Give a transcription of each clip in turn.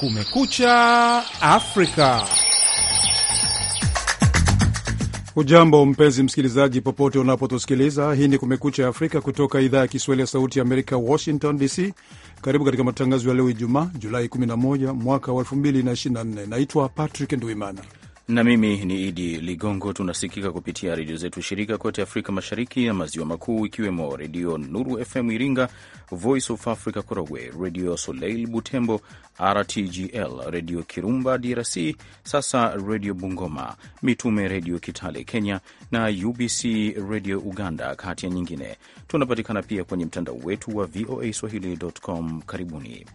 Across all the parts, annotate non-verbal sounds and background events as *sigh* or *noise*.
Kumekucha Afrika. Ujambo mpenzi msikilizaji, popote unapotusikiliza, hii ni Kumekucha Afrika kutoka idhaa ya Kiswahili ya Sauti ya Amerika, Washington DC. Karibu katika matangazo ya leo Ijumaa, Julai 11 mwaka wa 2024. Naitwa Patrick nduimana na mimi ni Idi Ligongo. Tunasikika kupitia redio zetu shirika kote Afrika Mashariki na Maziwa Makuu, ikiwemo Redio Nuru FM Iringa, Voice of Africa Korogwe, Redio Soleil Butembo, RTGL, Redio Kirumba DRC, sasa Redio Bungoma, Mitume Redio Kitale Kenya na UBC Redio Uganda, kati ya nyingine. Tunapatikana pia kwenye mtandao wetu wa VOA Swahili.com. Karibuni.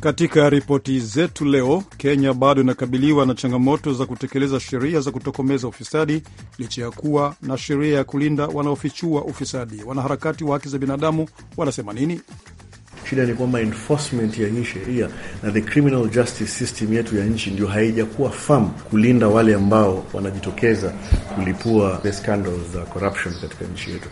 Katika ripoti zetu leo, Kenya bado inakabiliwa na changamoto za kutekeleza sheria za kutokomeza ufisadi licha ya kuwa na sheria ya kulinda wanaofichua ufisadi. Wanaharakati wa haki za binadamu wanasema nini? Shida ni kwamba enforcement ya hii sheria na the criminal justice system yetu ya nchi ndio haijakuwa firm kulinda wale ambao wanajitokeza kulipua the scandals za corruption katika nchi yetu.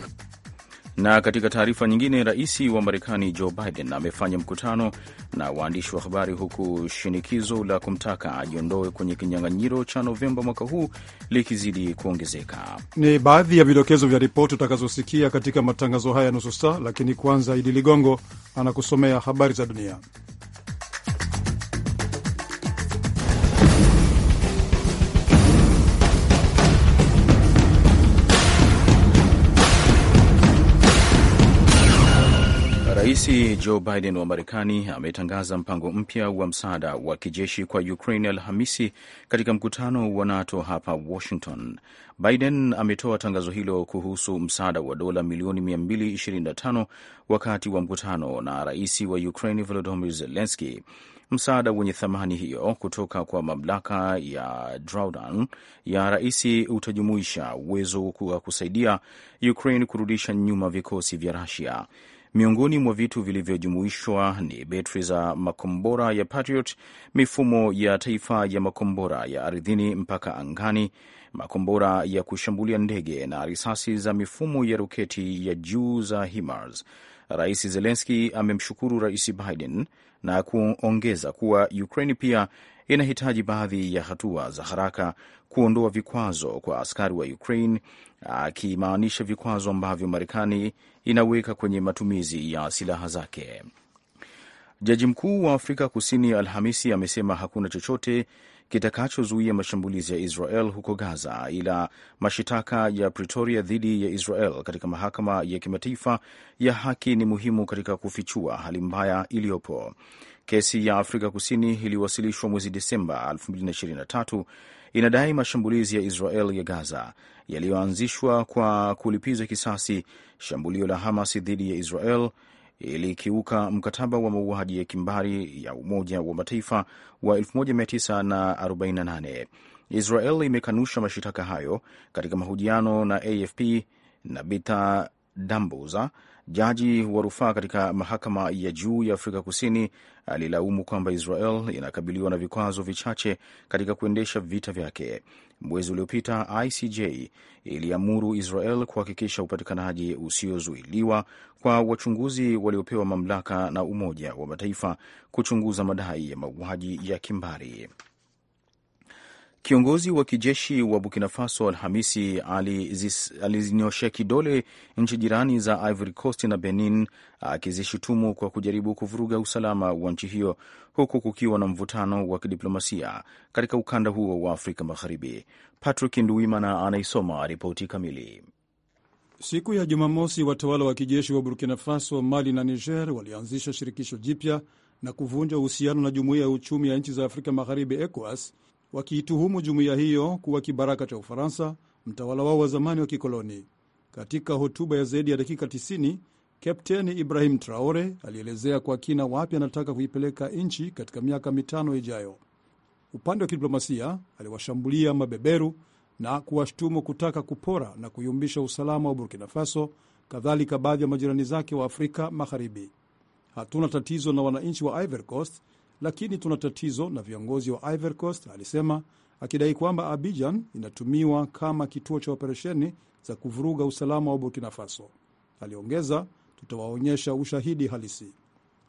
Na katika taarifa nyingine, rais wa Marekani Joe Biden amefanya mkutano na waandishi wa habari huku shinikizo la kumtaka ajiondoe kwenye kinyang'anyiro cha Novemba mwaka huu likizidi kuongezeka. Ni baadhi ya vidokezo vya ripoti utakazosikia katika matangazo haya nusu saa, lakini kwanza Idi Ligongo anakusomea habari za dunia. Rais Joe Biden wa Marekani ametangaza mpango mpya wa msaada wa kijeshi kwa Ukraine Alhamisi katika mkutano wa NATO hapa Washington. Biden ametoa tangazo hilo kuhusu msaada wa dola milioni 225 wakati wa mkutano na rais wa Ukraine Volodymyr Zelensky. Msaada wenye thamani hiyo kutoka kwa mamlaka ya drawdown ya rais utajumuisha uwezo wa kusaidia Ukraine kurudisha nyuma vikosi vya Rusia Miongoni mwa vitu vilivyojumuishwa ni betri za makombora ya Patriot, mifumo ya taifa ya makombora ya ardhini mpaka angani, makombora ya kushambulia ndege na risasi za mifumo ya roketi ya juu za HIMARS. Rais Zelenski amemshukuru Rais Biden na kuongeza kuwa Ukraini pia inahitaji baadhi ya hatua za haraka kuondoa vikwazo kwa askari wa Ukraine, akimaanisha vikwazo ambavyo Marekani inaweka kwenye matumizi ya silaha zake. Jaji mkuu wa Afrika Kusini Alhamisi amesema hakuna chochote kitakachozuia mashambulizi ya Israel huko Gaza, ila mashitaka ya Pretoria dhidi ya Israel katika mahakama ya kimataifa ya haki ni muhimu katika kufichua hali mbaya iliyopo. Kesi ya Afrika Kusini iliwasilishwa mwezi Desemba 2023 inadai mashambulizi ya Israel ya Gaza yaliyoanzishwa kwa kulipiza kisasi shambulio la Hamas dhidi ya Israel ilikiuka mkataba wa mauaji ya kimbari ya Umoja wa Mataifa wa 1948. Israel imekanusha mashitaka hayo katika mahojiano na AFP na Bita Dambuza Jaji wa rufaa katika mahakama ya juu ya Afrika Kusini alilaumu kwamba Israel inakabiliwa na vikwazo vichache katika kuendesha vita vyake. Mwezi uliopita, ICJ iliamuru Israel kuhakikisha upatikanaji usiozuiliwa kwa wachunguzi waliopewa mamlaka na Umoja wa Mataifa kuchunguza madai ya mauaji ya kimbari. Kiongozi wa kijeshi wa Burkina Faso Alhamisi ali kidole nchi jirani za Ivory Coast na Benin, akizishutumu kwa kujaribu kuvuruga usalama wa nchi hiyo, huku kukiwa na mvutano wa kidiplomasia katika ukanda huo wa Afrika Magharibi. Patrick Nduwimana anaisoma ripoti kamili. Siku ya Jumamosi, watawala wa kijeshi wa Burkina Faso, Mali na Niger walianzisha shirikisho jipya na kuvunja uhusiano na Jumuiya ya Uchumi ya Nchi za Afrika Magharibi, ECOWAS wakiituhumu jumuiya hiyo kuwa kibaraka cha Ufaransa, mtawala wao wa zamani wa kikoloni. Katika hotuba ya zaidi ya dakika 90 Kapteni Ibrahim Traore alielezea kwa kina wapi anataka kuipeleka nchi katika miaka mitano ijayo. Upande wa kidiplomasia, aliwashambulia mabeberu na kuwashtumu kutaka kupora na kuyumbisha usalama wa Burkina Faso, kadhalika baadhi ya majirani zake wa Afrika Magharibi. Hatuna tatizo na wananchi wa Ivory Coast lakini tuna tatizo na viongozi wa Ivory Coast, alisema akidai kwamba Abidjan inatumiwa kama kituo cha operesheni za kuvuruga usalama wa Burkina Faso. Aliongeza, tutawaonyesha ushahidi halisi.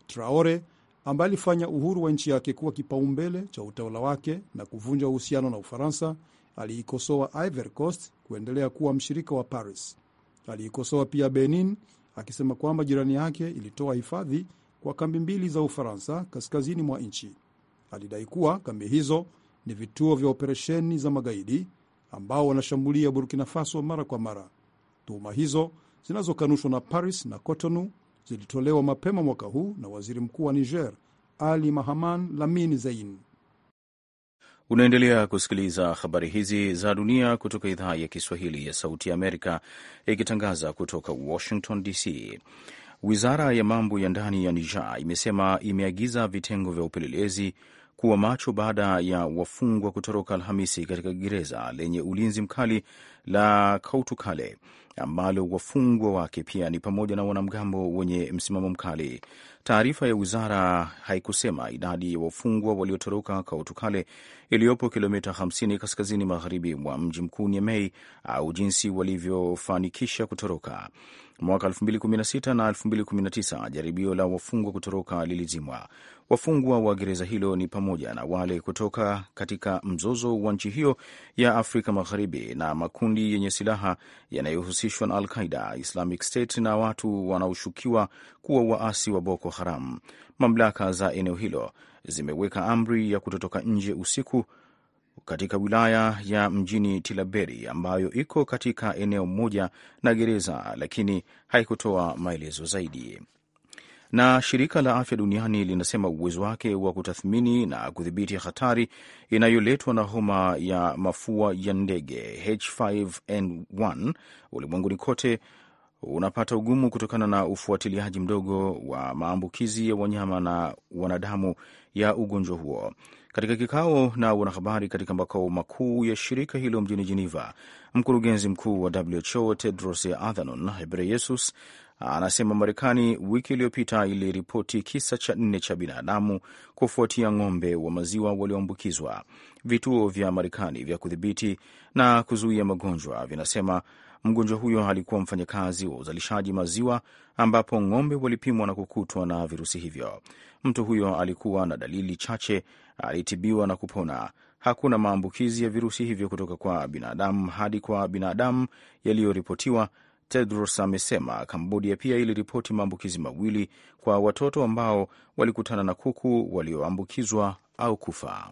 Traore ambaye alifanya uhuru wa nchi yake kuwa kipaumbele cha utawala wake na kuvunja uhusiano na Ufaransa, aliikosoa Ivory Coast kuendelea kuwa mshirika wa Paris. Aliikosoa pia Benin akisema kwamba jirani yake ilitoa hifadhi kwa kambi mbili za Ufaransa kaskazini mwa nchi. Alidai kuwa kambi hizo ni vituo vya operesheni za magaidi ambao wanashambulia Burkina Faso mara kwa mara. Tuhuma hizo zinazokanushwa na Paris na Cotonou zilitolewa mapema mwaka huu na waziri mkuu wa Niger Ali Mahaman lamin Zein. Unaendelea kusikiliza habari hizi za dunia kutoka idhaa ya Kiswahili ya Sauti ya Amerika, ikitangaza kutoka Washington DC. Wizara ya mambo ya ndani ya Niger imesema imeagiza vitengo vya upelelezi kuwa macho baada ya wafungwa kutoroka Alhamisi katika gereza lenye ulinzi mkali la Kautukale ambalo wafungwa wake pia ni pamoja na wanamgambo wenye msimamo mkali. Taarifa ya wizara haikusema idadi ya wafungwa waliotoroka Kautukale iliyopo kilomita 50 kaskazini magharibi mwa mji mkuu Niamey au jinsi walivyofanikisha kutoroka mwaka 2016 na 2019 jaribio la wafungwa kutoroka lilizimwa. Wafungwa wa gereza hilo ni pamoja na wale kutoka katika mzozo wa nchi hiyo ya Afrika Magharibi na makundi yenye silaha yanayohusishwa na Alqaida, Islamic State na watu wanaoshukiwa kuwa waasi wa Boko Haram. Mamlaka za eneo hilo zimeweka amri ya kutotoka nje usiku katika wilaya ya mjini Tilaberi ambayo iko katika eneo moja na gereza, lakini haikutoa maelezo zaidi. Na shirika la afya duniani linasema uwezo wake wa kutathmini na kudhibiti hatari inayoletwa na homa ya mafua ya ndege H5N1 ulimwenguni kote unapata ugumu kutokana na ufuatiliaji mdogo wa maambukizi ya wanyama na wanadamu ya ugonjwa huo. Katika kikao na wanahabari katika makao makuu ya shirika hilo mjini Geneva, mkurugenzi mkuu wa WHO Tedros Adhanom Ghebreyesus anasema Marekani wiki iliyopita iliripoti kisa cha nne cha binadamu kufuatia ng'ombe wa maziwa walioambukizwa. Vituo vya Marekani vya kudhibiti na kuzuia magonjwa vinasema mgonjwa huyo alikuwa mfanyakazi wa uzalishaji maziwa, ambapo ng'ombe walipimwa na kukutwa na virusi hivyo. Mtu huyo alikuwa na dalili chache alitibiwa na kupona. Hakuna maambukizi ya virusi hivyo kutoka kwa binadamu hadi kwa binadamu yaliyoripotiwa. Tedros amesema Kambodia pia iliripoti maambukizi mawili kwa watoto ambao walikutana na kuku walioambukizwa au kufa.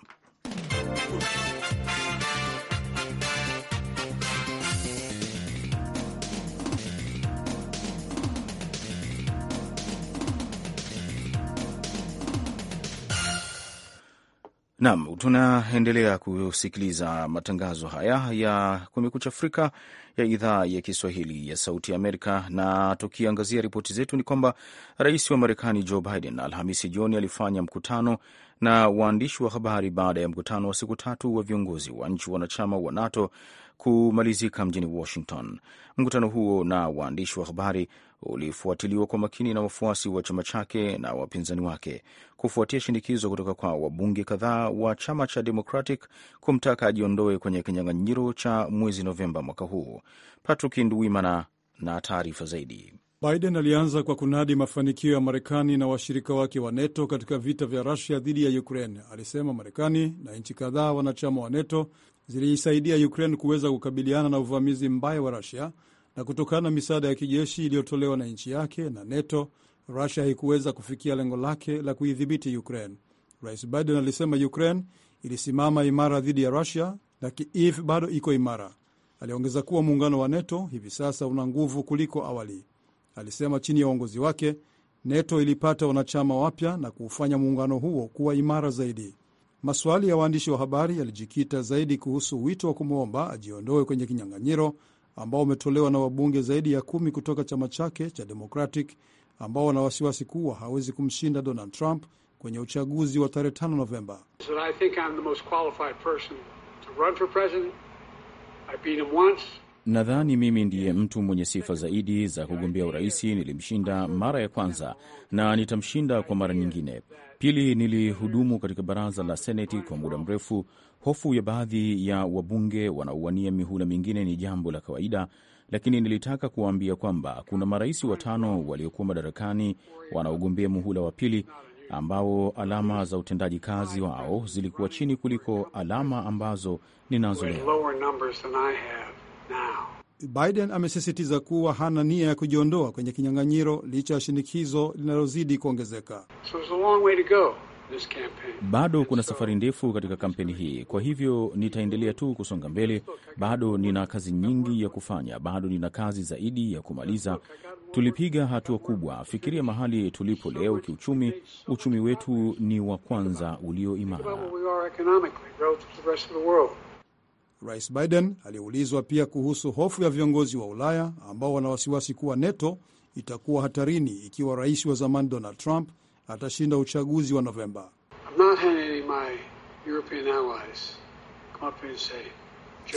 Naam, tunaendelea kusikiliza matangazo haya ya Kumekucha Afrika ya idhaa ya Kiswahili ya Sauti Amerika, na tukiangazia ripoti zetu ni kwamba rais wa Marekani Joe Biden Alhamisi jioni alifanya mkutano na waandishi wa habari baada ya mkutano wa siku tatu wa viongozi wa nchi wanachama wa NATO kumalizika mjini Washington. Mkutano huo na waandishi wa habari ulifuatiliwa kwa makini na wafuasi wa chama chake na wapinzani wake kufuatia shinikizo kutoka kwa wabunge kadhaa wa chama cha Democratic kumtaka ajiondoe kwenye kinyang'anyiro cha mwezi Novemba mwaka huu. Patrick Nduwimana na taarifa zaidi. Biden alianza kwa kunadi mafanikio ya Marekani na washirika wake wa NATO katika vita vya Rusia dhidi ya Ukraine. Alisema Marekani na nchi kadhaa wanachama wa NATO ziliisaidia Ukraine kuweza kukabiliana na uvamizi mbaya wa Rusia na kutokana na misaada ya kijeshi iliyotolewa na nchi yake na NATO, Rusia haikuweza kufikia lengo lake la kuidhibiti Ukraine. Rais Biden alisema Ukraine ilisimama imara dhidi ya Rusia na Kiev bado iko imara. Aliongeza kuwa muungano wa NATO hivi sasa una nguvu kuliko awali. Alisema chini ya uongozi wake NATO ilipata wanachama wapya na kuufanya muungano huo kuwa imara zaidi. Maswali ya waandishi wa habari yalijikita zaidi kuhusu wito wa kumwomba ajiondoe kwenye kinyang'anyiro ambao umetolewa na wabunge zaidi ya kumi kutoka chama chake cha Democratic ambao wana wasiwasi kuwa hawezi kumshinda Donald Trump kwenye uchaguzi wa tarehe 5 Novemba. Nadhani mimi ndiye mtu mwenye sifa zaidi za kugombea uraisi Nilimshinda mara ya kwanza na nitamshinda kwa mara nyingine. Pili, nilihudumu katika baraza la seneti kwa muda mrefu. Hofu ya baadhi ya wabunge wanaowania mihula mingine ni jambo la kawaida, lakini nilitaka kuwaambia kwamba kuna marais watano waliokuwa madarakani wanaogombea muhula wa pili ambao alama za utendaji kazi wao zilikuwa chini kuliko alama ambazo ninazo leo. Biden amesisitiza kuwa hana nia ya kujiondoa kwenye kinyang'anyiro licha ya shinikizo linalozidi kuongezeka. So bado kuna safari ndefu katika kampeni hii, kwa hivyo nitaendelea tu kusonga mbele. Bado nina kazi nyingi ya kufanya, bado nina kazi zaidi ya kumaliza. Tulipiga hatua kubwa, fikiria mahali tulipo leo kiuchumi. Uchumi wetu ni wa kwanza ulio imara. Rais Biden aliulizwa pia kuhusu hofu ya viongozi wa Ulaya ambao wana wasiwasi kuwa NATO itakuwa hatarini ikiwa rais wa zamani Donald Trump atashinda uchaguzi wa Novemba.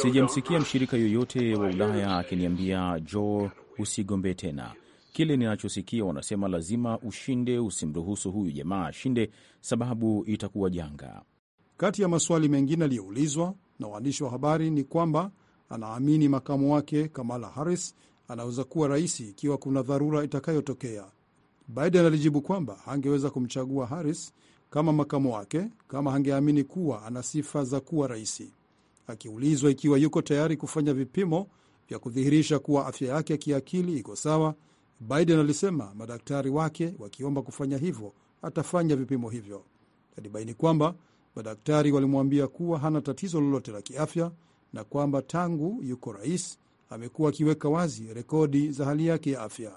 Sijamsikia mshirika yoyote wa Ulaya akiniambia Joe, usigombee tena. Kile ninachosikia wanasema, lazima ushinde, usimruhusu huyu jamaa ashinde, sababu itakuwa janga. Kati ya maswali mengine aliyoulizwa na waandishi wa habari ni kwamba anaamini makamu wake Kamala Harris anaweza kuwa rais ikiwa kuna dharura itakayotokea. Biden alijibu kwamba hangeweza kumchagua Harris kama makamu wake kama hangeamini kuwa ana sifa za kuwa raisi. Akiulizwa ikiwa yuko tayari kufanya vipimo vya kudhihirisha kuwa afya yake ya kiakili iko sawa, Biden alisema madaktari wake wakiomba kufanya hivyo atafanya vipimo hivyo. Alibaini kwamba madaktari walimwambia kuwa hana tatizo lolote la kiafya na kwamba tangu yuko rais amekuwa akiweka wazi rekodi za hali yake ya afya.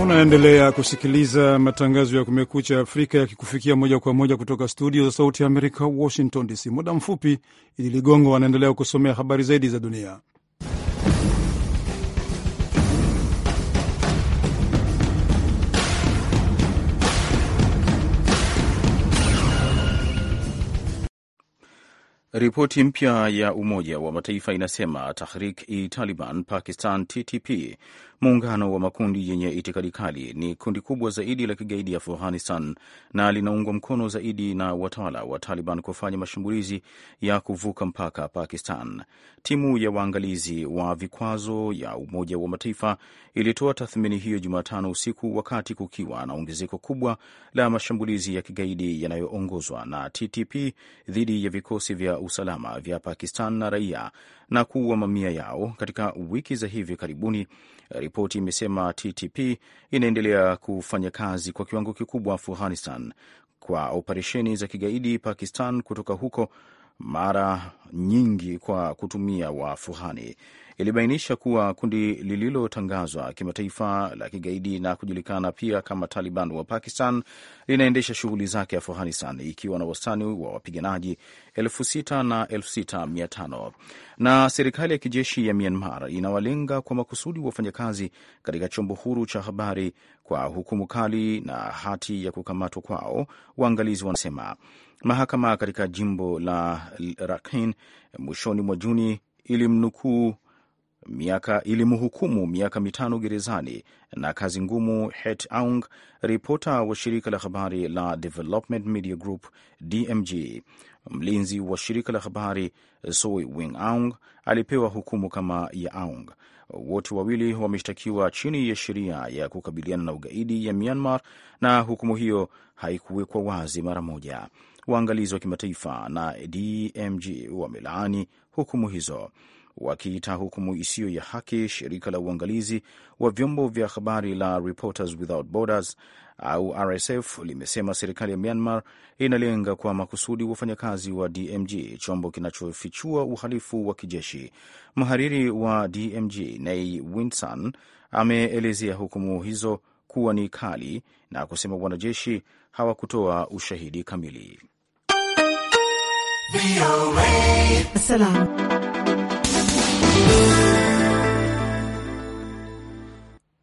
Unaendelea kusikiliza matangazo ya Kumekucha Afrika yakikufikia moja kwa moja kutoka studio za Sauti ya Amerika, Washington DC. Muda mfupi Idi Ligongo anaendelea kusomea habari zaidi za dunia. Ripoti mpya ya Umoja wa Mataifa inasema Tahrik-i-Taliban Pakistan TTP, muungano wa makundi yenye itikadi kali, ni kundi kubwa zaidi la kigaidi Afghanistan na linaungwa mkono zaidi na watawala wa Taliban kufanya mashambulizi ya kuvuka mpaka Pakistan. Timu ya waangalizi wa vikwazo ya Umoja wa Mataifa ilitoa tathmini hiyo Jumatano usiku wakati kukiwa na ongezeko kubwa la mashambulizi ya kigaidi yanayoongozwa na TTP dhidi ya vikosi vya usalama vya Pakistan na raia na kuua mamia yao katika wiki za hivi karibuni. Ripoti imesema TTP inaendelea kufanya kazi kwa kiwango kikubwa Afghanistan kwa operesheni za kigaidi Pakistan kutoka huko mara nyingi kwa kutumia wafuhani Ilibainisha kuwa kundi lililotangazwa kimataifa la kigaidi na kujulikana pia kama Taliban wa Pakistan linaendesha shughuli zake Afghanistan, ikiwa na wastani wa wapiganaji elfu sita na elfu sita mia tano na serikali ya kijeshi ya Myanmar inawalenga kwa makusudi wafanyakazi katika chombo huru cha habari kwa hukumu kali na hati ya kukamatwa kwao, waangalizi wanasema. Mahakama katika jimbo la Rakhine mwishoni mwa Juni ilimnukuu miaka ilimhukumu miaka mitano gerezani na kazi ngumu Het Aung, ripota wa shirika la habari la Development Media Group DMG. Mlinzi wa shirika la habari Soi Wing Aung alipewa hukumu kama ya Aung. Wote wawili wameshtakiwa chini ya sheria ya kukabiliana na ugaidi ya Myanmar, na hukumu hiyo haikuwekwa wazi mara moja waangalizi wa kimataifa na DMG wamelaani hukumu hizo wakiita hukumu isiyo ya haki. Shirika la uangalizi wa vyombo vya habari la Reporters Without Borders au RSF limesema serikali ya Myanmar inalenga kwa makusudi wafanyakazi wa DMG, chombo kinachofichua uhalifu wa kijeshi. Mhariri wa DMG Nay winson ameelezea hukumu hizo kuwa ni kali na kusema wanajeshi hawakutoa ushahidi kamili.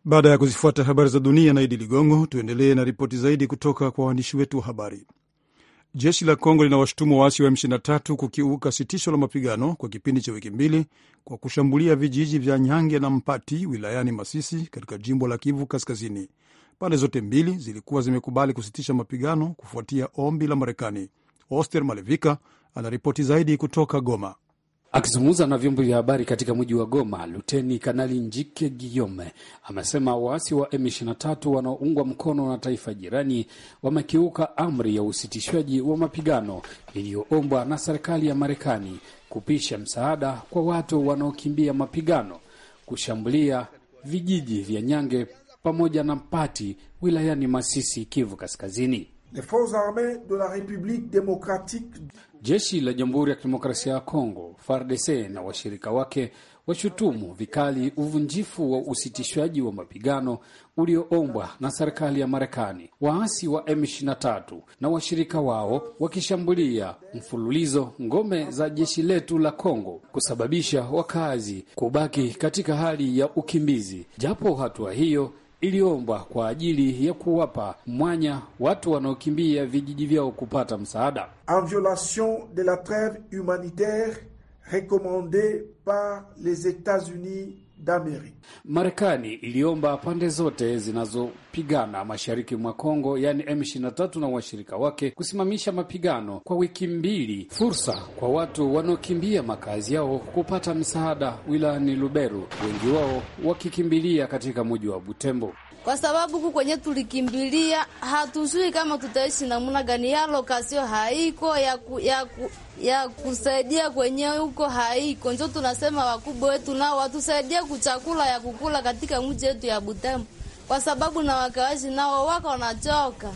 Baada ya kuzifuata habari za dunia na Idi Ligongo, tuendelee na ripoti zaidi kutoka kwa waandishi wetu wa habari. Jeshi la Kongo linawashutumu waasi wa M23 kukiuka sitisho la mapigano kwa kipindi cha wiki mbili kwa kushambulia vijiji vya Nyange na Mpati wilayani Masisi katika jimbo la Kivu Kaskazini. Pande zote mbili zilikuwa zimekubali kusitisha mapigano kufuatia ombi la Marekani. Oster Malevika anaripoti zaidi kutoka Goma. Akizungumza na vyombo vya habari katika mji wa Goma, Luteni Kanali Njike Giyome amesema waasi wa M23 wanaoungwa mkono na taifa jirani wamekiuka amri ya usitishwaji wa mapigano iliyoombwa na serikali ya Marekani kupisha msaada kwa watu wanaokimbia mapigano, kushambulia vijiji vya Nyange pamoja na Mpati wilayani Masisi, Kivu Kaskazini. Les forces armées de la République démocratique. Jeshi la Jamhuri ya Kidemokrasia ya Kongo, FARDC na washirika wake washutumu vikali uvunjifu wa usitishwaji wa mapigano ulioombwa na serikali ya Marekani, waasi wa M23 na washirika wao wakishambulia mfululizo ngome za jeshi letu la Kongo, kusababisha wakazi kubaki katika hali ya ukimbizi, japo hatua hiyo iliombwa kwa ajili ya kuwapa mwanya watu wanaokimbia vijiji vyao kupata msaada. En violation de la trêve humanitaire recommandée par les états unis d'Amerique. Marekani iliomba pande zote zinazopigana mashariki mwa Kongo, yani M23 na washirika wake kusimamisha mapigano kwa wiki mbili, fursa kwa watu wanaokimbia makazi yao kupata msaada wilayani Luberu, wengi wao wakikimbilia katika mji wa Butembo kwa sababu huku kwenye tulikimbilia hatujui kama tutaishi namna gani. Ya lokasio haiko ya, ku, ya, ku, ya kusaidia kwenye huko haiko, njo tunasema wakubwa wetu nao watusaidie kuchakula ya kukula katika mji wetu ya Butembo, kwa sababu na wakawazi nao wako wanachoka.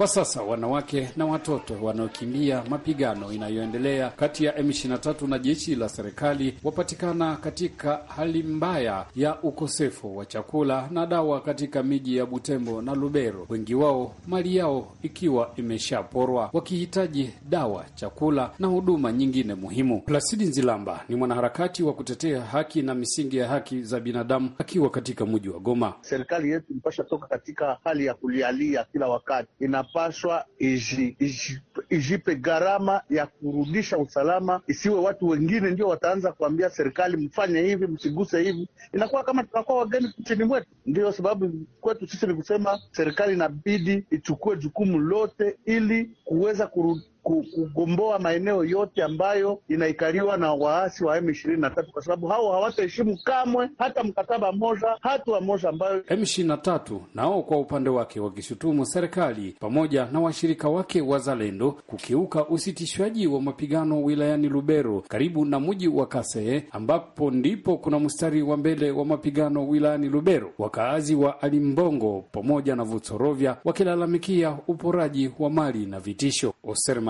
Kwa sasa wanawake na watoto wanaokimbia mapigano inayoendelea kati ya M23 na jeshi la serikali wapatikana katika hali mbaya ya ukosefu wa chakula na dawa katika miji ya Butembo na Lubero, wengi wao mali yao ikiwa imeshaporwa, wakihitaji dawa, chakula na huduma nyingine muhimu. Plasidi Nzilamba ni mwanaharakati wa kutetea haki na misingi ya haki za binadamu akiwa katika mji wa Goma. Serikali yetu ilipasha toka katika hali ya kulialia kila wakati ina inapaswa ijipe gharama ya kurudisha usalama, isiwe watu wengine ndio wataanza kuambia serikali mfanye hivi, msiguse hivi. Inakuwa kama tunakuwa wageni nchini mwetu. ndio sababu kwetu sisi ni kusema serikali inabidi ichukue jukumu lote ili kuweza kurudi kugomboa maeneo yote ambayo inaikaliwa na waasi wa M23 kwa sababu hao hawataheshimu kamwe hata mkataba moja hatua moja ambayo M23 nao kwa upande wake wakishutumu serikali pamoja na washirika wake wazalendo kukiuka usitishwaji wa mapigano wilayani Lubero karibu na mji wa Kasee ambapo ndipo kuna mstari wa mbele wa mapigano wilayani Lubero. Wakaazi wa Alimbongo pamoja na Vutsorovya wakilalamikia uporaji wa mali na vitisho Oserma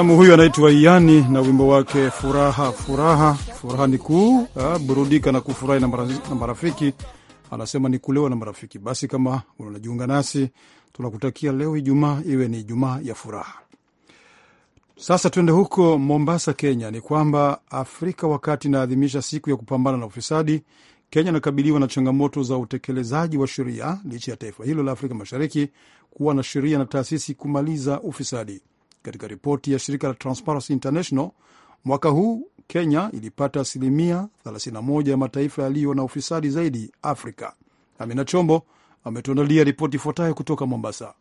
Mtaalamu huyu anaitwa Iani na wimbo wake furaha furaha furaha ni kuu ah, burudika na kufurahi na marafiki. Anasema ni kulewa na marafiki. Basi kama unajiunga nasi, tunakutakia leo Ijumaa iwe ni Ijumaa ya furaha. Sasa tuende huko Mombasa, Kenya. Ni kwamba Afrika wakati inaadhimisha siku ya kupambana na ufisadi, Kenya inakabiliwa na changamoto za utekelezaji wa sheria licha ya taifa hilo la Afrika Mashariki kuwa na sheria na taasisi kumaliza ufisadi. Katika ripoti ya shirika la Transparency International, mwaka huu Kenya ilipata asilimia 31 ya mataifa yaliyo na ufisadi zaidi Afrika. Amina Chombo ametuandalia ripoti ifuatayo kutoka Mombasa.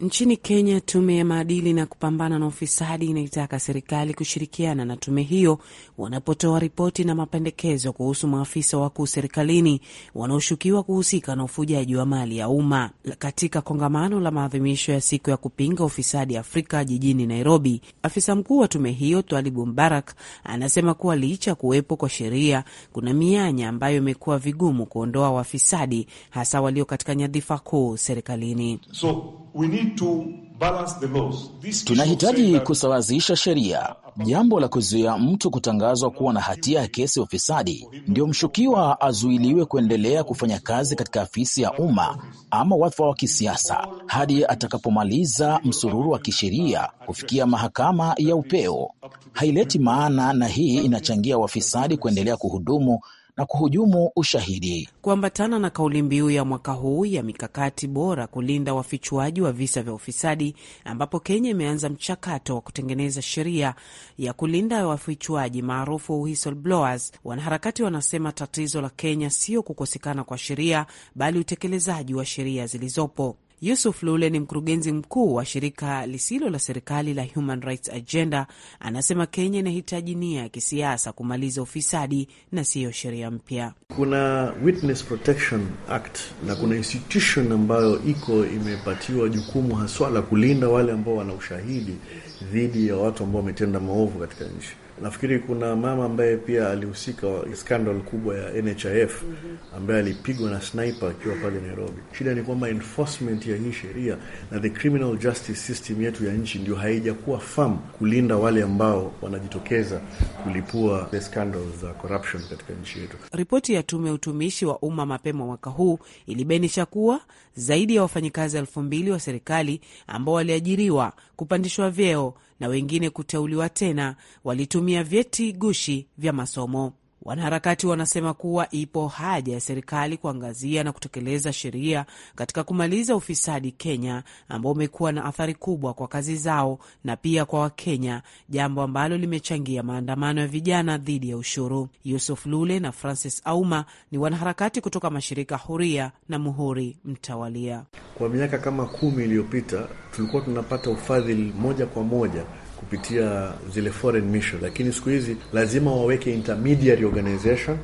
Nchini Kenya, tume ya maadili na kupambana na ufisadi inaitaka serikali kushirikiana na tume hiyo wanapotoa ripoti na mapendekezo kuhusu maafisa wakuu serikalini wanaoshukiwa kuhusika na ufujaji wa mali ya umma. Katika kongamano la maadhimisho ya siku ya kupinga ufisadi Afrika jijini Nairobi, afisa mkuu wa tume hiyo Twalibu Mbarak anasema kuwa licha ya kuwepo kwa sheria, kuna mianya ambayo imekuwa vigumu kuondoa wafisadi, hasa walio katika nyadhifa kuu serikalini. so, we need to balance the laws. Tunahitaji kusawazisha sheria. Jambo la kuzuia mtu kutangazwa kuwa na hatia ya kesi ya ufisadi, ndio mshukiwa azuiliwe kuendelea kufanya kazi katika afisi ya umma ama wadhifa wa kisiasa hadi atakapomaliza msururu wa kisheria kufikia mahakama ya upeo. Haileti maana, na hii inachangia wafisadi kuendelea kuhudumu na kuhujumu ushahidi. Kuambatana na kauli mbiu ya mwaka huu ya mikakati bora kulinda wafichuaji wa visa vya ufisadi, ambapo Kenya imeanza mchakato wa kutengeneza sheria ya kulinda wafichuaji maarufu whistleblowers, wanaharakati wanasema tatizo la Kenya sio kukosekana kwa sheria, bali utekelezaji wa sheria zilizopo. Yusuf Lule ni mkurugenzi mkuu wa shirika lisilo la serikali la Human Rights Agenda, anasema Kenya inahitaji nia ya kisiasa kumaliza ufisadi na siyo sheria mpya. Kuna Witness Protection Act na kuna institution ambayo iko imepatiwa jukumu haswa la kulinda wale ambao wana ushahidi dhidi ya watu ambao wametenda maovu katika nchi Nafikiri kuna mama ambaye pia alihusika skandal kubwa ya NHIF mhm. ambaye alipigwa na sniper akiwa pale Nairobi. Shida ni kwamba enforcement ya hii sheria na the criminal justice system yetu ya nchi ndio haijakuwa firm kulinda wale ambao wanajitokeza kulipua the scandals za corruption katika nchi yetu. Ripoti ya tume ya utumishi wa umma mapema mwaka huu ilibainisha kuwa zaidi ya wafanyikazi elfu mbili wa serikali ambao waliajiriwa kupandishwa vyeo na wengine kuteuliwa tena walitumia vyeti gushi vya masomo. Wanaharakati wanasema kuwa ipo haja ya serikali kuangazia na kutekeleza sheria katika kumaliza ufisadi Kenya, ambao umekuwa na athari kubwa kwa kazi zao na pia kwa Wakenya, jambo ambalo limechangia maandamano ya vijana dhidi ya ushuru. Yusuf Lule na Francis Auma ni wanaharakati kutoka mashirika huria na Muhuri mtawalia. Kwa miaka kama kumi iliyopita tulikuwa tunapata ufadhili moja kwa moja kupitia zile foreign mission, lakini siku hizi lazima waweke intermediary organization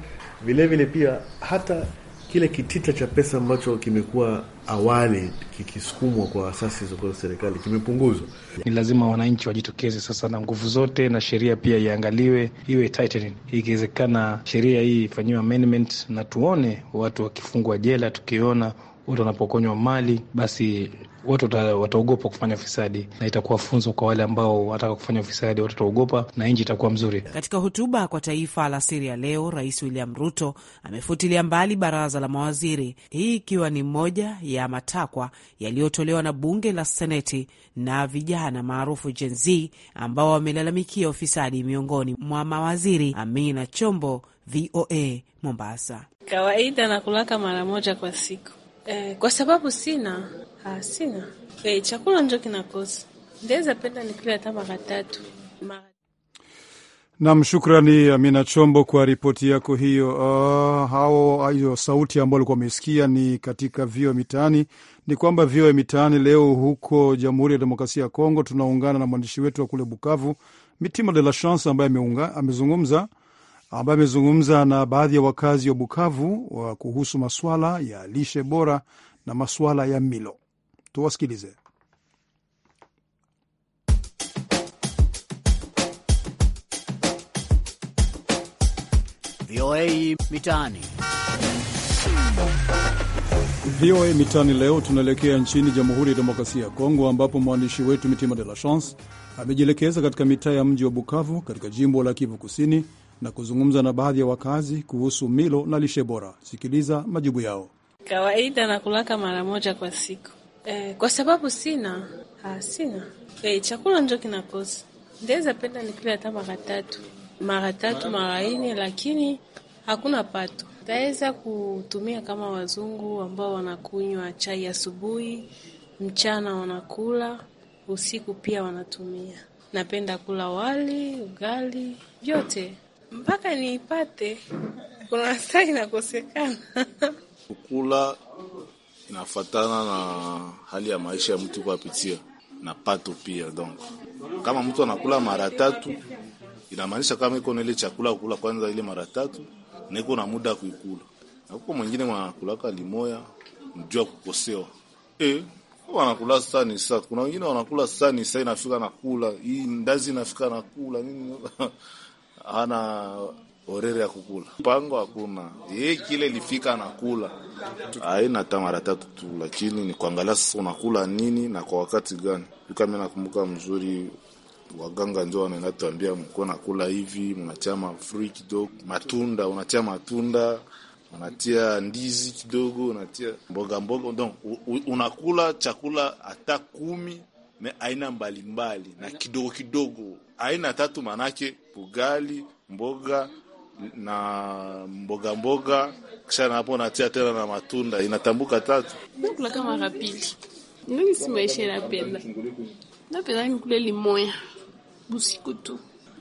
vilevile. Vile pia hata kile kitita cha pesa ambacho kimekuwa awali kikisukumwa kwa asasi za serikali kimepunguzwa. Ni lazima wananchi wajitokeze sasa na nguvu zote, na sheria pia iangaliwe, iwe tightening, ikiwezekana sheria hii ifanyiwe amendment, na tuone watu wakifungwa jela, tukiona watu wanapokonywa mali, basi watu wataogopa kufanya ufisadi, na itakuwa funzo kwa wale ambao wanataka kufanya ufisadi. Watu wataogopa na nchi itakuwa mzuri. Katika hotuba kwa taifa alasiri ya leo, Rais William Ruto amefutilia mbali baraza la mawaziri, hii ikiwa ni moja ya matakwa yaliyotolewa na bunge la Seneti na vijana maarufu Gen Z ambao wamelalamikia ufisadi miongoni mwa mawaziri. Amina Chombo, VOA, Mombasa. Kawaida nakulaka mara moja kwa siku E, kwa sababu sina ha, sina e, chakula njo kinakosa, ndaweza penda nikule hata mara tatu. Nam, shukrani Amina Chombo kwa ripoti yako hiyo. Uh, hao hiyo sauti ambayo alikuwa amesikia ni katika vio mitaani. Ni kwamba vio mitaani leo huko Jamhuri ya Demokrasia ya Kongo tunaungana na mwandishi wetu wa kule Bukavu, Mitima de la Chance ambaye amezungumza ambaye amezungumza na baadhi ya wakazi wa Bukavu wa kuhusu masuala ya lishe bora na masuala ya milo. Tuwasikilize. VOA Mitaani. VOA Mitaani leo tunaelekea nchini Jamhuri ya Demokrasia ya Kongo ambapo mwandishi wetu Mitima de la Chance amejielekeza katika mitaa ya mji wa Bukavu katika jimbo la Kivu Kusini na kuzungumza na baadhi ya wakazi kuhusu milo na lishe bora. Sikiliza majibu yao. Kawaida nakulaka mara moja kwa siku eh, kwa sababu sina ha, sina eh, chakula njo kinakosa. Ndaweza penda nikule hata mara tatu mara tatu mara nne, lakini hakuna pato. Taweza kutumia kama wazungu ambao wanakunywa chai asubuhi, mchana wanakula, usiku pia wanatumia. Napenda kula wali, ugali, vyote mpaka niipate, kuna saa inakosekana. *laughs* Kukula inafatana na hali ya maisha ya mtu kuapitia na pato pia. Donc kama mtu anakula mara tatu, inamaanisha kama iko na ile chakula kula kwanza ile mara tatu, na iko na muda kuikula. Na huko mwingine mwanakulaka limoya mjua kukosewa e, wanakula sani saa. Kuna wengine wanakula sani saa, inafika nakula hii ndazi, inafika nakula nini *laughs* hana orere ya kukula, mpango hakuna ye, kile ilifika anakula aina mara tatu tu, lakini ni kuangalia sasa unakula nini na kwa wakati gani. mi nakumbuka mzuri waganga ndio wanaenda tuambia, mko nakula hivi, mnatia mafrui kidogo, matunda unatia matunda, unatia ndizi kidogo, unatia mboga mboga, donc unakula chakula hata kumi me aina mbalimbali mbali, na kidogo kidogo aina tatu, manake ugali, mboga na mboga mboga, kisha na hapo natia tena na matunda, inatambuka tatu. Nakula kama rapidi nini, si maisha inapenda, napenda nikule limoya busiku tu,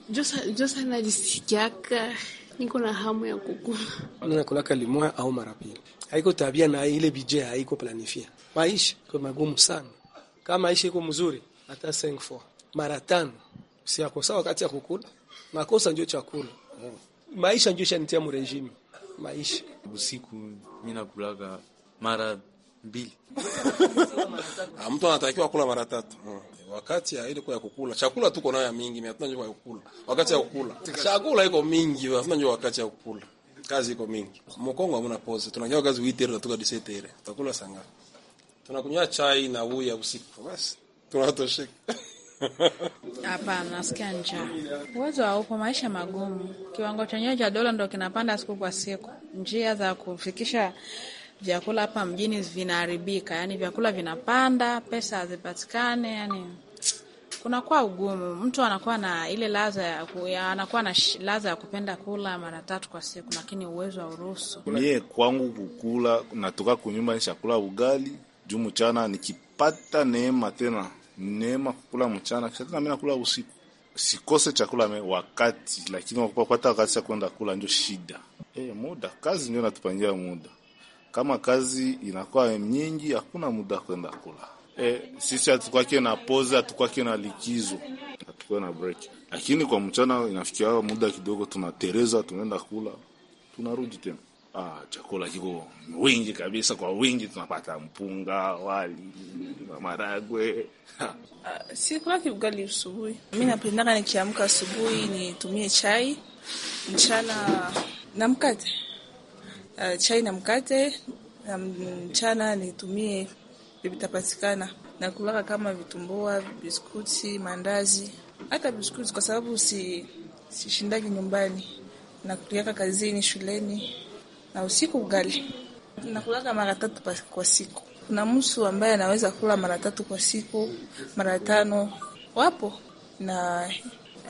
josa josa, najisikiaka niko na hamu ya kukula. Nakula Nakulaka limoya au marapili, haiko tabia na ile bije, haiko planifia. Maisha kwa magumu sana, kama maisha iko mzuri, hata mara tano si yako sawa kati ya kukula, makosa ndio chakula. Maisha njoo shanitia mrejimi. Maisha. Usiku mimi nakulaga mara mbili. *laughs* Mtu anatakiwa kula mara tatu. Wakati ya ile kwa kukula, chakula tuko nayo mingi, mimi hatuna njoo kukula. Wakati ya kukula. Chakula iko mingi, hatuna njoo wakati ya kukula. Kazi iko mingi. Mkongo hamuna pose Tunajua kazi 8 na tuka 17h. Tutakula sanga. Tunakunywa chai na uya usiku. Basi. Tunatosheka. *laughs* Hapana, nasikia njaa, uwezo haupo, maisha magumu. Kiwango chenyewe cha dola ndo kinapanda siku kwa siku. Njia za kufikisha vyakula hapa mjini vinaharibika, yani vyakula vinapanda, pesa hazipatikane, yani kunakuwa ugumu. Mtu anakuwa na ile laza ya ku, ya, anakuwa na laza ya kupenda kula mara tatu kwa siku, lakini uwezo wa uruhusu. Mie kwangu kukula, natoka kunyumba chakula ugali juu mchana, nikipata neema tena neema kukula mchana, kisha tena mimi nakula usiku, sikose chakula me wakati, lakini kupata wakati ya kwenda kula ndio shida. Eh, muda kazi ndio natupangia muda. Kama kazi inakuwa nyingi, hakuna muda kwenda kula. E, sisi hatukwake na pause, hatukwake na likizo, hatukuwa na break, lakini kwa mchana inafikia muda kidogo, tunatereza, tunaenda kula, tunarudi tena. Ah, chakula kiko wingi kabisa, kwa wingi tunapata mpunga, wali na maragwe. Ah, Sikulaki ugali asubuhi, mi napendaka nikiamka asubuhi nitumie chai, mchana na mkate. Uh, chai na mkate na mchana nitumie vitapatikana na kulaka kama vitumbua, biskuti, mandazi, hata biskuti, kwa sababu si sishindaki nyumbani na kuliaka kazini, shuleni na usiku ugali. Nakulaga mara tatu kwa siku. Kuna mtu ambaye anaweza kula mara tatu kwa siku, mara tano, wapo na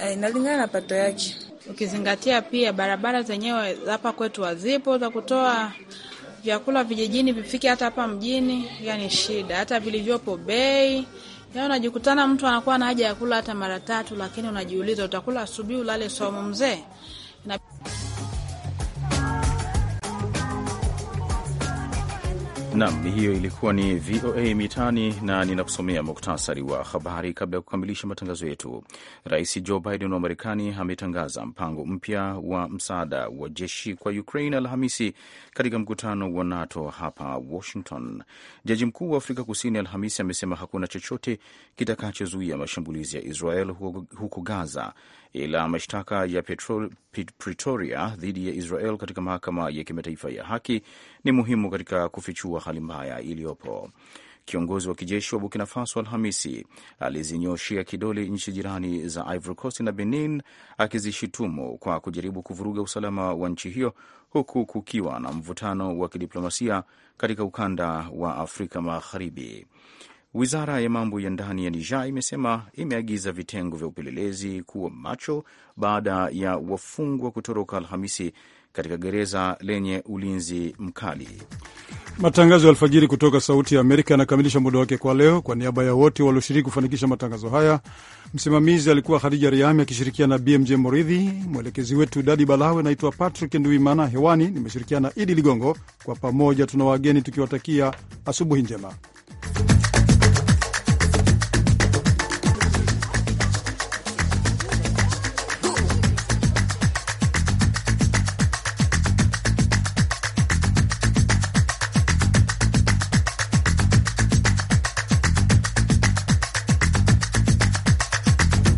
eh, inalingana na pato yake, ukizingatia pia barabara zenyewe hapa kwetu hazipo za kutoa vyakula vijijini vifike hata hapa mjini, yani shida. Hata vilivyopo bei yao, unajikutana mtu anakuwa na haja ya kula hata mara tatu, lakini unajiuliza utakula asubuhi, ulale somo mzee Nam, hiyo ilikuwa ni VOA Mitaani na ninakusomea muktasari wa habari kabla ya kukamilisha matangazo yetu. Rais Joe Biden wa Marekani ametangaza mpango mpya wa msaada wa jeshi kwa Ukraine Alhamisi katika mkutano wa NATO hapa Washington. Jaji mkuu wa Afrika Kusini Alhamisi amesema hakuna chochote kitakachozuia mashambulizi ya Israel huko Gaza la mashtaka ya petrol, Pit, Pretoria dhidi ya Israel katika mahakama ya kimataifa ya haki ni muhimu katika kufichua hali mbaya iliyopo. Kiongozi wa kijeshi wa Burkina Faso Alhamisi alizinyoshia kidole nchi jirani za Ivory Coast na Benin, akizishitumu kwa kujaribu kuvuruga usalama wa nchi hiyo, huku kukiwa na mvutano wa kidiplomasia katika ukanda wa Afrika Magharibi. Wizara ya mambo ya ndani ya Niger imesema imeagiza vitengo vya upelelezi kuwa macho baada ya wafungwa kutoroka Alhamisi katika gereza lenye ulinzi mkali. Matangazo ya alfajiri kutoka Sauti ya Amerika yanakamilisha muda wake kwa leo. Kwa niaba ya wote walioshiriki kufanikisha matangazo haya, msimamizi alikuwa Khadija Riami akishirikiana na BMJ Moridhi, mwelekezi wetu Dadi Balawe. Naitwa Patrick Nduimana, hewani nimeshirikiana na Idi Ligongo. Kwa pamoja tuna wageni tukiwatakia asubuhi njema.